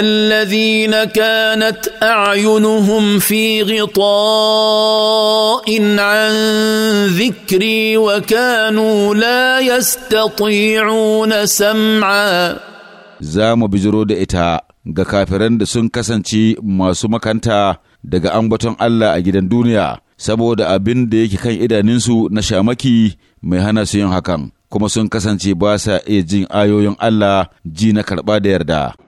الذين كانت اعينهم في غطاء عن ذكري وكانوا لا يستطيعون سمعا za mu bijiro da ita ga kafiran da sun kasance masu makanta daga ambaton Allah a gidan duniya saboda abin da yake kan idaninsu na shamaki mai hana su yin hakan kuma sun kasance ba sa iya jin ayoyin Allah ji na karɓa da yarda.